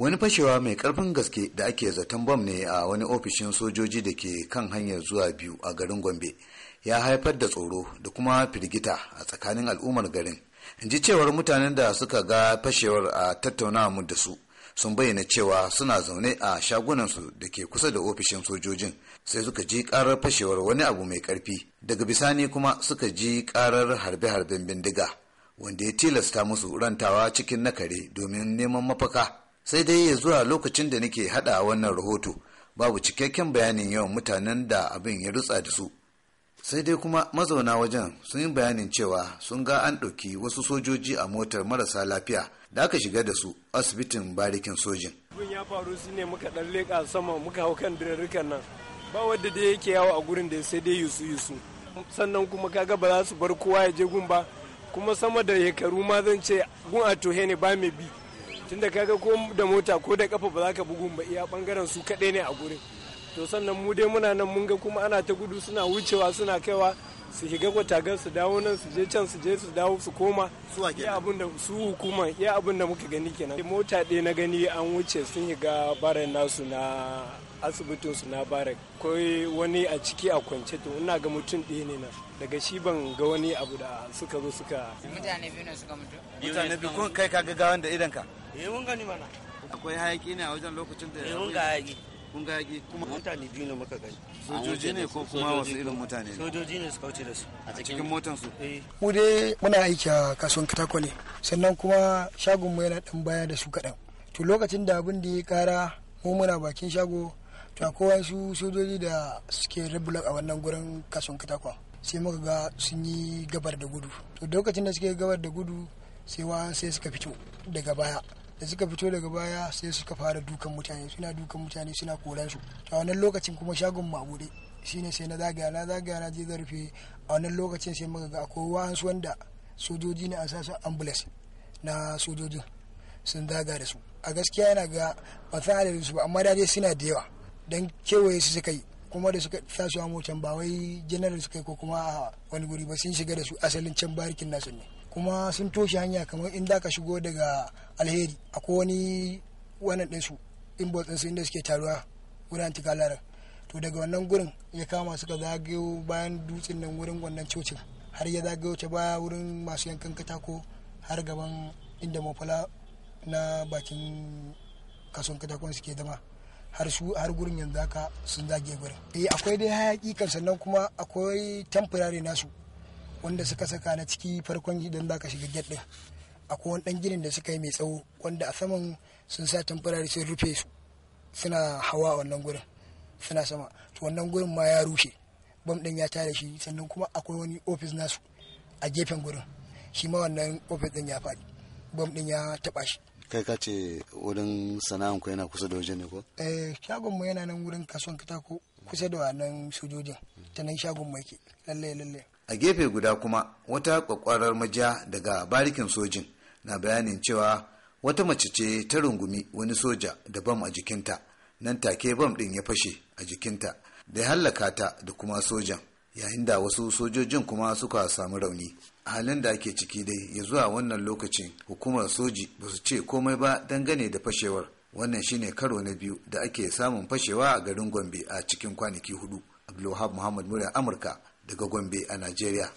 wani fashewa mai karfin gaske da ake zaton bom ne a wani ofishin sojoji da ke kan hanyar zuwa biyu a garin gombe ya haifar da tsoro da kuma firgita a tsakanin al'ummar garin In ji cewar mutanen da suka ga fashewar a tattaunawa mu da su sun bayyana cewa suna zaune a shagunansu da ke kusa da ofishin sojojin sai suka ji karar fashewar wani abu mai karfi daga bisani kuma suka ji karar harbe-harben bindiga wanda ya tilasta musu rantawa cikin nakare domin neman mafaka sai dai ya zuwa lokacin da nake hada wannan rahoto babu cikakken bayanin yawan mutanen da abin ya rutsa da su sai dai kuma mazauna wajen sun yi bayanin cewa sun ga an ɗauki wasu sojoji a motar marasa lafiya da aka shiga da su asibitin barikin sojin. Abin ya faru su ne muka ɗan leƙa sama muka hau kan dirarrukan nan ba wadda da yake yawo a gurin da sai dai yusu yusu sannan kuma kaga ba za su bar kowa ya je gun ba kuma sama da hekaru ma zan ce gun a tohe ne ba mai bi tunda kaga ko da mota ko da kafa ba za ka bugun ba iya bangaren su kaɗai ne a gurin to sannan mu dai muna nan mun ga kuma ana ta gudu suna wucewa suna kaiwa su shiga gwatagar su dawo nan su je can su je su dawo su koma iya abin da su hukuma iya abin da muka gani kenan mota ɗaya na gani an wuce sun shiga barin nasu na asibitin su na barak kawai wani a ciki a kwance to ina ga mutum ɗaya ne nan daga shi ban ga wani abu da suka zo suka mutane biyu ne suka mutu mutane biyu kun kai ka ga gawan idan ka eh mun gani mana akwai hayaki ne a wajen lokacin da eh, mun ga hayaki ga hayaki kuma mutane biyu ne muka gani sojoji ne ko kuma wasu irin mutane sojoji ne suka wuce da su a cikin motan su eh. mu dai muna aiki a kasuwan katako ne sannan kuma shagon mu yana dan baya da su kadan to lokacin da abin da ya kara mu muna bakin shago to akwai su sojoji da suke rebulak a wannan gurin kasuwan katako sai muka ga sun yi gabar da gudu to lokacin da suke gabar da gudu sai wa sai suka fito daga baya da suka fito daga baya sai suka fara dukan mutane suna dukan mutane suna koran su a wannan lokacin kuma shagon mu shine sai na zagaya na zagaya na je zarfe a wannan lokacin sai muka ga akwai wa'ansu wanda sojoji ne an sa ambulance na sojojin sun zaga da su a gaskiya yana ga ba adadin su ba amma da suna da yawa dan kewaye su suka yi kuma da suka tashi a motan ba wai janar suka yi ko kuma a wani guri ba sun shiga da su asalin can barikin nasu ne kuma sun toshe hanya kamar in da ka shigo daga alheri akwai wani wannan in botsin su inda suke taruwa wurin antikalarar to daga wannan gurin ya kama suka zagayo bayan dutsen nan wurin wannan cocin har ya zagayo ta baya wurin masu yankan katako har gaban inda mafala na bakin kason katakon suke zama har su har gurin yanzu haka sun zage gurin eh akwai dai hayaki kan sannan kuma akwai temporary nasu wanda suka saka na ciki farkon idan zaka shiga gate din akwai wani dan ginin da suka yi mai tsawo wanda a saman sun sa tamfarari sun rufe su suna hawa a wannan gurin suna sama to wannan gurin ma ya rushe bam din ya tare shi sannan kuma akwai wani ofis nasu a gefen gurin shi ma wannan ofis din ya faɗi bam din ya taɓa shi kai ka ce wurin sana'an ku yana kusa da wajen ne ko eh shagon mu yana nan wurin kasuwan katako kusa da wannan sojojin ta nan shagon mu yake lalle lalle a gefe guda kuma wata kwakwarar majiya daga barikin sojin na bayanin cewa wata mace ce ta rungumi wani soja da bam a jikinta nan take bam din ya fashe a jikinta da ya hallaka ta da kuma sojan yayin da wasu sojojin kuma suka samu rauni halin da ake ciki dai ya zuwa wannan lokacin hukumar soji ba su ce komai ba dangane da fashewar wannan shine karo na biyu da ake samun fashewa a garin gombe a cikin kwanaki hudu abdulwahab muhammad murya amurka daga gombe a najeriya